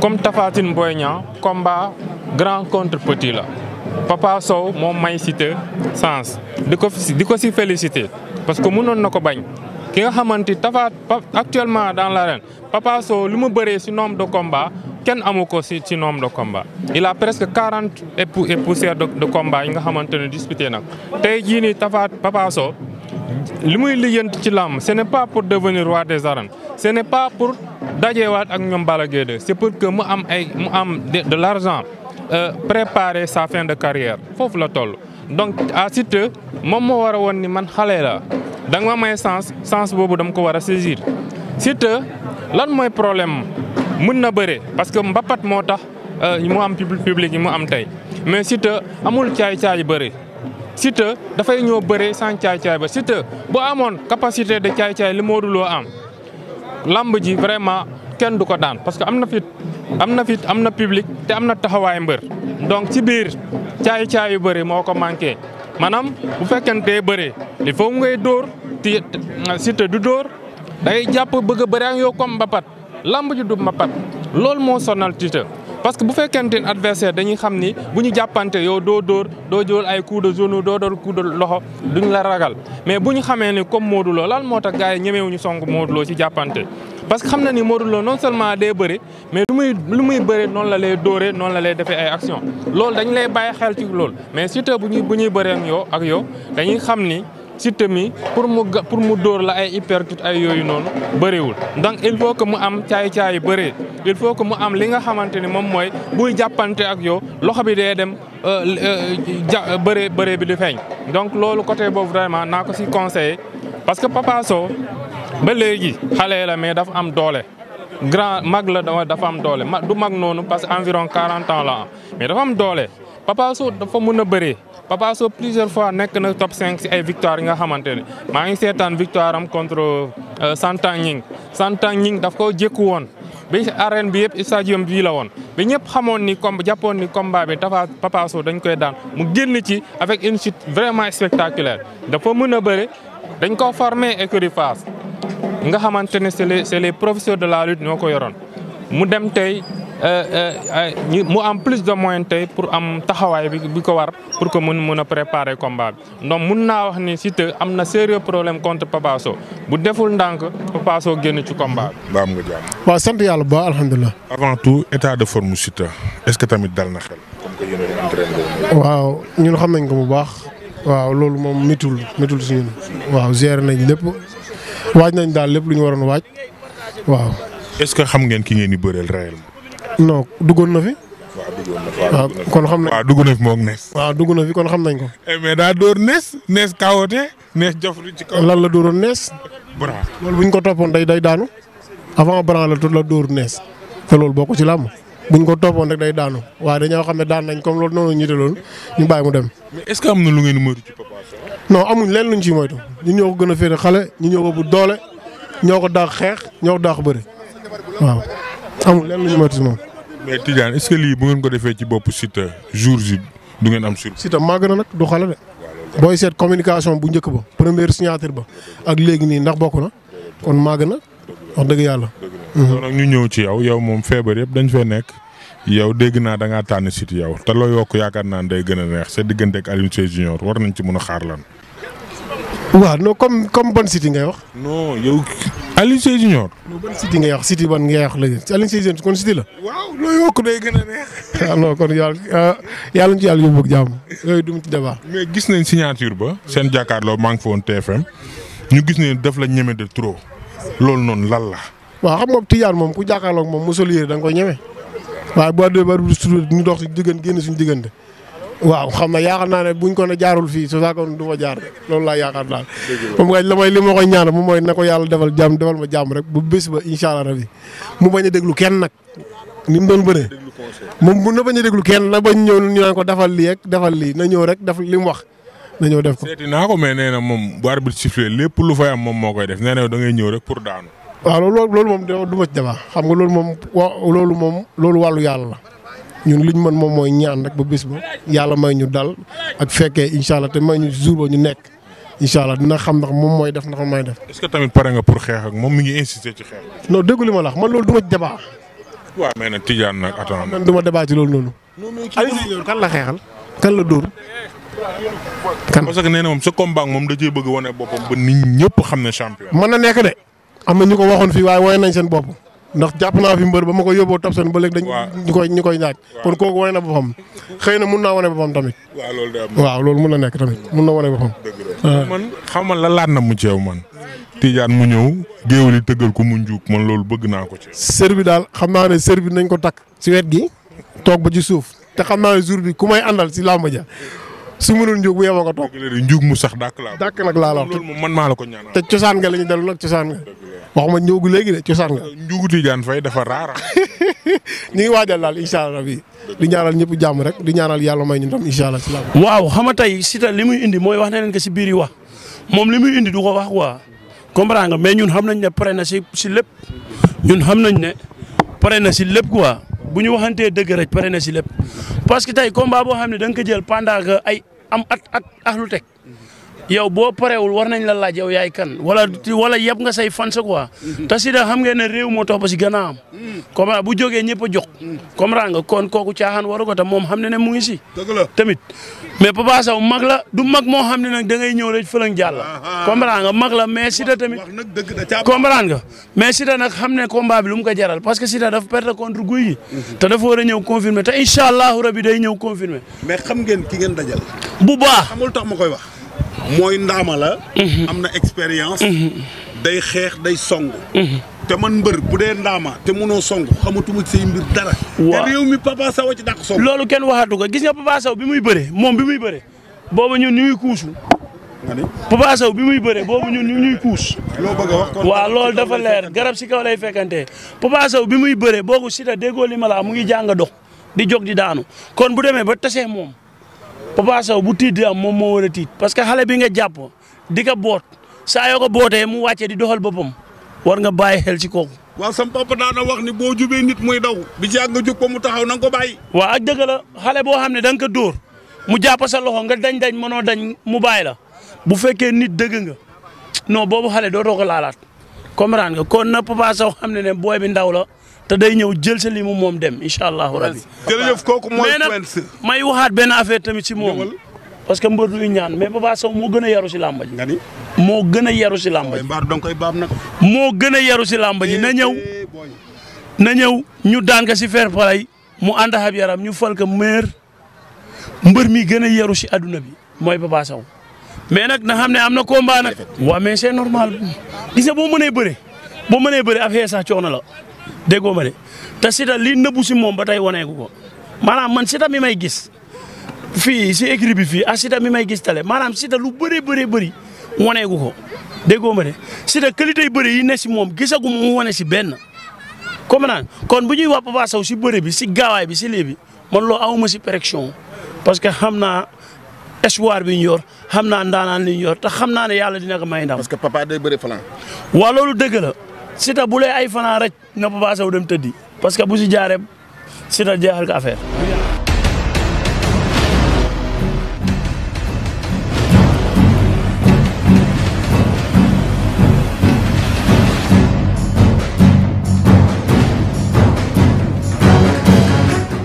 comme Tapha Tine Boy Niang grand contre petit la Papa moom may cité sens di ko di ko si félicité parce que munoon na ko bañ ki nga xamante Tapha actuellement dans l'arène Papa Sow lu mu bëree si nombre de combat kenn amu ko si si nombre de combat il a presque quarante et poussière de de combat yi nga xamante ne disputé nag tey jii nii Tapha Papa li muy lijjanti ci làmb ce n'est pas pour devenir roi des arènes ce n'est pas pour dajewaat ak ñoom Balla Gaye 2 c'est pour que mu am ay mu am de l'argent euh, préparer sa fin de carrière foofu la toll donc à Siteu moom moo war woon ni man xale la da nga ma may sens sens boobu dama ko war a saisir Siteu lan mooy problème mën na bëre parce que mbapat moo tax euh, mu am public yi mu am tey mais Siteu amul caay caay bëre Siteu dafay ñëw bëre sans caay-caay ba Siteu bu amoon capacité de caay-caay li Modou Lo am lamb ji vraiment kenn du ko daan parce que am na fit am na fit am na public te am na taxawaay mbër donc ci biir caay-caay yu bëri moo ko manqué maanaam bu fekkente bëre il faut ngay dóor ti du dóor day jàpp bëgg a bëre ak yow comme làmb ji du mbapat loolu moo sonal tiita parce que bu fekkente ne adversaire dañuy xam ni bu ñu jàppante yow doo dóor doo jël ay coup de genou doo dóor coup de loxo duñ la ragal mais bu xamee ni comme Modou Lo lan moo tax gars yi ñemewuñu song Modou Lo ci jàppante. parce que xam na ni Modou Lo non seulement day bëri mais lu muy lu muy noonu la lay dóoree noonu la lay defee ay action loolu dañ lay bàyyi xel ci loolu mais surtout bu ñuy bu ñuy bëree ak yow ak yow dañuy xam ni. Siteu mi pour mu pour mu dóor la ay uppercut ay yooyu noonu bëriwul donc il faut que mu am caay-caay yu bëree il faut que mu am li nga xamante ni moom mooy buy jàppante ak yow loxo bi dee dem euh, euh, ja bëree bëree bi di feeñ. donc loolu côté boobu vraiment naa ko si conseillé parce que Papa ba léegi xale la mais dafa am doole. grand mag la dafa am doole du mag noonu parce que environ 40 ans la am mais dafa am doole Papa Sow dafa mun a Papa plusieurs fois nekk na top 5 si ay victoire nga xamante ne maa ngi seetaan victoire am contre euh, Santang Ning Santang Ning daf ko jékku woon bi arène bi yëpp stadium bii la woon ba ñëpp xamoon ni comme jàppoon ni combat bi tafa Papa Sow koy daan mu génn ci avec une chute vraiment spectaculaire dafa mën a bëre dañ ko formé écurie Fass nga xamante ne c'est les professeur de la lutte ñoo ko yoroon mu dem tey Euh, euh, mu am plus de moyens tey pour am taxawaay bi bi ko war pour que mën mun a préparer combat bi donc mun naa wax ni Siteu am na sérieux problème contre Papa bu deful ndànk Papa génn ci combat bi. ba nga jàmm. waaw sant yàlla ba alhamdulilah. avant tout état de forme Siteu est-ce que tamit dal na xel. waaw ñun xam nañ ko bu baax. waaw loolu moom métul métul si ñun. waaw gérer lépp waaj nañ daal lépp lu ñu waroon waaj waaw. est-ce que xam ngeen ki ngeen di bëreel réellement. non duggoon na fi. waaw kon xam nañ waaw dugg na fi moog nees. waaw na fi kon xam nañ ko. Eh, mais daa dóor nees nees kawoote nees jofru ci kaw. lan la dóoroon nees. bras loolu bu ñu ko toppoon day day daanu avant bras la la dóor nees te loolu bokk ci làmb bu ñu ko toppoon rek day daanu waaye dañoo xam ne daan nañ kom loolu noonu ñu loolu ñu bàyyi mu dem. mais est ce que am na lu ngeen moytu ci non amuñ leen luñ ciy moytu ñu ñoo ko gën a féete xale ñu ñoo ko bu doole ñoo ko daax xeex ñoo ko daax bëri waaw. amul lenn lu ñu métti si moom. mais bu ngeen ko defee ci bopp Siteu jour ji du ngeen am sur. Siteu na nag du xale de. booy seet communication bu njëkk ba première signature ba ak léegi nii ndax bokk na kon màgg na wax dëgg yàlla. dëgg ñu ñëw ci yow yow moom feebar yëpp dañ fee nekk. yow dégg naa da ngaa tànn Siteu yow te loo yokk yaakaar naa day gën a neex see diggante ak Alioune Sèye Junior war nañ ci mën a xaar lan. waaw non comme comme ban Siteu ngay wax. Alioune Sèye Junior. ban City ngay wax City ban ngay wax léegi Alioune Sèye la. waaw looy yokk day gën a neex. ah non yàlla ah, yàlla ñu ci yàlla yóbbu ak jàmm yooyu du mu ci débat. mais gis nañ signature ba. seen jàkkaarloo maa ngi fa woon ñu gis ne daf la ñeme de trop loolu noonu lan la. waa xam nga Tijaan moom ku jàkkaarloog moom mosul yére da nga koy ñeme waaye bu wàllu ba ñu dox si diggante génn suñu diggante. waaw xam na yaakaar naa ne buñ ko ne jaarul fii su fekkoon du ma jaar loolu laa yaakaar daal. moom kay la may li ma koy ñaan moom mooy na ko yàlla defal jàmm defal ma jàmm rek bu bés ba incha allah rabi mu bañ a déglu kenn nag ni mu doon bëree. moom bu na bañ a déglu kenn na bañ ñëw ñu naan ko defal lii rek defal lii na ñëw rek li mu wax na ñëw def ko. naa ko mais nee na moom bu arbitre sifflé lépp lu fay am moom moo koy def nee na da ngay ñëw rek pour daanu. waaw loolu loolu moom du ma ci xam nga loolu moom wa loolu moom loolu wàllu yàlla la ñun luñ mën moom mooy ñaan rek ba bis ba yàlla may ñu dal ak fekkee incha allah te may ñu jour ba ñu nekk incha allah dina xam ndax moom mooy def ndax may def. est que tamit pare nga pour xeex ak moom mi ngi insister ci xeex. non déggu li ma la wax man loolu du ma ci débat. waaw mais nag Tidiane nag loolu noonu. Aliou kan la xeexal kan la dóor. kan parce que nee na moom sa combat moom da cee bëgg wane boppam ba nit ñëpp xam ne champion. mën na nekk de am na ñu ko waxoon fii waaye woy nañ seen bopp. ndax jàpp naa fi mbër ba ma ko yóbboo Tapsane ba léegi dañ ñu koy ñu koy ñaaj kon kooku wane na boppam xëy na mun naa wane boppam tamit waaw loolu mun na nekk tamit mun na wane boppam ah. man xamal la laat na mu ceew man Tidiane mu ñëw géewali tëggal ko mu njuug man loolu bëgg naa ko ci sër daal xam naa ne sër nañ ko takk si wet gi toog ba ci suuf te xam naa ne jour bi ku may àndal si làmb ja su mënul njuug bu yeboo nga toog. njuug mu sax dàkk laa. dàkk nag laa la wax loolu moom man maa la ko ñaan te cosaan nga la ñu dellu nag cosaan nga. waxuma njuugu léegi de cosaan nga. njuugu Tidiane Faye dafa raara. ñu ngi waajal daal incha bi di ñaanal ñëpp jàmm rek di ñaanal yàlla may ñu tam incha allah. waaw xam nga tey Siteu li muy indi mooy wax ne leen ko si biir yi wax moom li muy indi du ko wax quoi comprendre nga mais ñun xam nañ ne pare na si si lépp ñun xam nañ ne pare na si lépp quoi bu ñu waxante dëgg rek pare na si lépp parce que tey combat boo xam ne da nga ko jël ay am at at ak lu teg yow boo parewul war nañ la laaj yow yaay kan wala wala yeb nga say fans quoi. Mm-hmm. te Siteu xam ngeen ne réew moo topp si gannaawam. Mm. comme bu jógee ñëpp a jox. Mm. comprendre nga kon kooku caaxaan waru ko te moom xam ne ne mu ngi si. dëgg tamit mais Papa Sow mag la du mag moo xam ne nag da ngay ñëw rek fële nga jàll. comprendre nga mag la mais Siteu tamit. wax nag dëgg da comprendre nga mais Siteu na xam ne combat bi lu mu ko jaral parce que Siteu dafa perdre contre guy yi. Mm-hmm. te dafa war a ñëw confirmer te incha allahu day ñëw confirmer. mais xam ngeen ki ngeen dajal. bu baax amul tax ma koy wax. mooy ndaama la. Mhm. am na expérience. Mhm. day xeex day song. Mhm. te man mbër bu dee ndaama te munoo song xamatuma ci mbir dara. waaw te mi Papa Sow ci dàq loolu kenn waxatu ko gis nga Papa bi muy bëree moom bi muy bëre boobu ñun ñu ngi kuusu. Papa Sow bi muy bëre boobu ñun ñu ñuy kuus. loo bëgg a wax kon waaw loolu dafa leer garab si kaw lay fekkante Papa Sow bi muy bëre boobu si la déggoo li ma la mu ngi jàng dox di jóg di daanu kon bu demee ba tasee moom. Papa Sow bu tiit di am moom moo war a tiit parce que xale bi nga jàpp di ko boot saa yoo ko bootee mu wàccee di doxal boppam war nga bàyyi xel ci kooku. waaw sam papa daana wax ni boo jubee nit muy daw. di ci àgg jóg ko mu taxaw na nga ko bàyyi. waaw dëgg la xale boo xam ne da ko dóor mu jàpp sa loxo nga dañ dañ mënoo dañ mu bàyyi la bu fekkee nit dëgg nga non boobu xale doo ko laalaat comprendre nga kon na Papa Sow xam ne ne booy bi ndaw la te day ñëw jël sa li mu moom dem incha allahu rabi. kooku mooy Quench may waxaat benn affaire tamit si moom. parce que mbër du ñaan mais Papa moo gën a yaru ci làmba nga ni moo gën a yaru ci làmba ji. moo gën a yaru ci làmba ji na ñëw. Eh, eh, na ñëw ñu daan si ci fair mu ànd ak yaram ñu fal ko meer mbër mi gën a yaru si adduna bi mooy Papa mais nag na xam ne am na combat nag. waaw mais c'est normal gis nga boo mënee bëre boo mën mënee bëre affaire sax coono la. déggoo ma de te Siteu lii nëbbu si moom ba tey waneeku ko maanaam man Siteu mi may gis fii si écrit bi fii ak Siteu mi may gis tale maanaam Siteu lu bëree bëree bëri waneeku ko déggoo ma de Siteu qualité yu bëri yi ne si moom gisagu mu wane si benn. comme naan kon bu ñuy wax Papa Sow si bëre bi si gaawaay bi si lii bi man loo awuma si pression parce que xam naa espoir bi ñu yor xam naa ndaanaan li ñu ta te xam naa ne yàlla dina ko may ndam. parce que papa day loolu dëgg Siteu bu ay fanaan rek na Papa Sow dem tëddi parce que bu si jaaree Siteu jeexal ko affaire.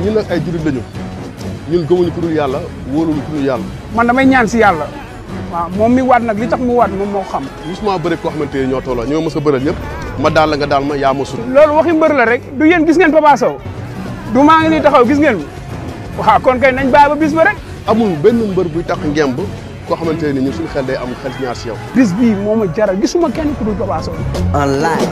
ñun nag ay jullit lañu ñun gëmuñu ku dul yàlla wóoluñu ku dul yàlla. man damay ñaan si yàlla. waaw moom mi waat nag li tax mu waat moom moo xam musuma bëri koo xamante ni ñoo tolloo ñoo mës a bëral ñëpp ma daal la nga daal ma yaa ma sut loolu waxi mbër la rek du yéen gis ngeen Papa du maa ngi nii taxaw gis ngeen waaw kon kay nañ bàyyi ba bis ba rek amul benn mbër buy tax ngemb koo xamante ni ñun suñu xel day am xel ñaar si yow bis bii moo ma jaral gisuma kenn ku dul Papa Sow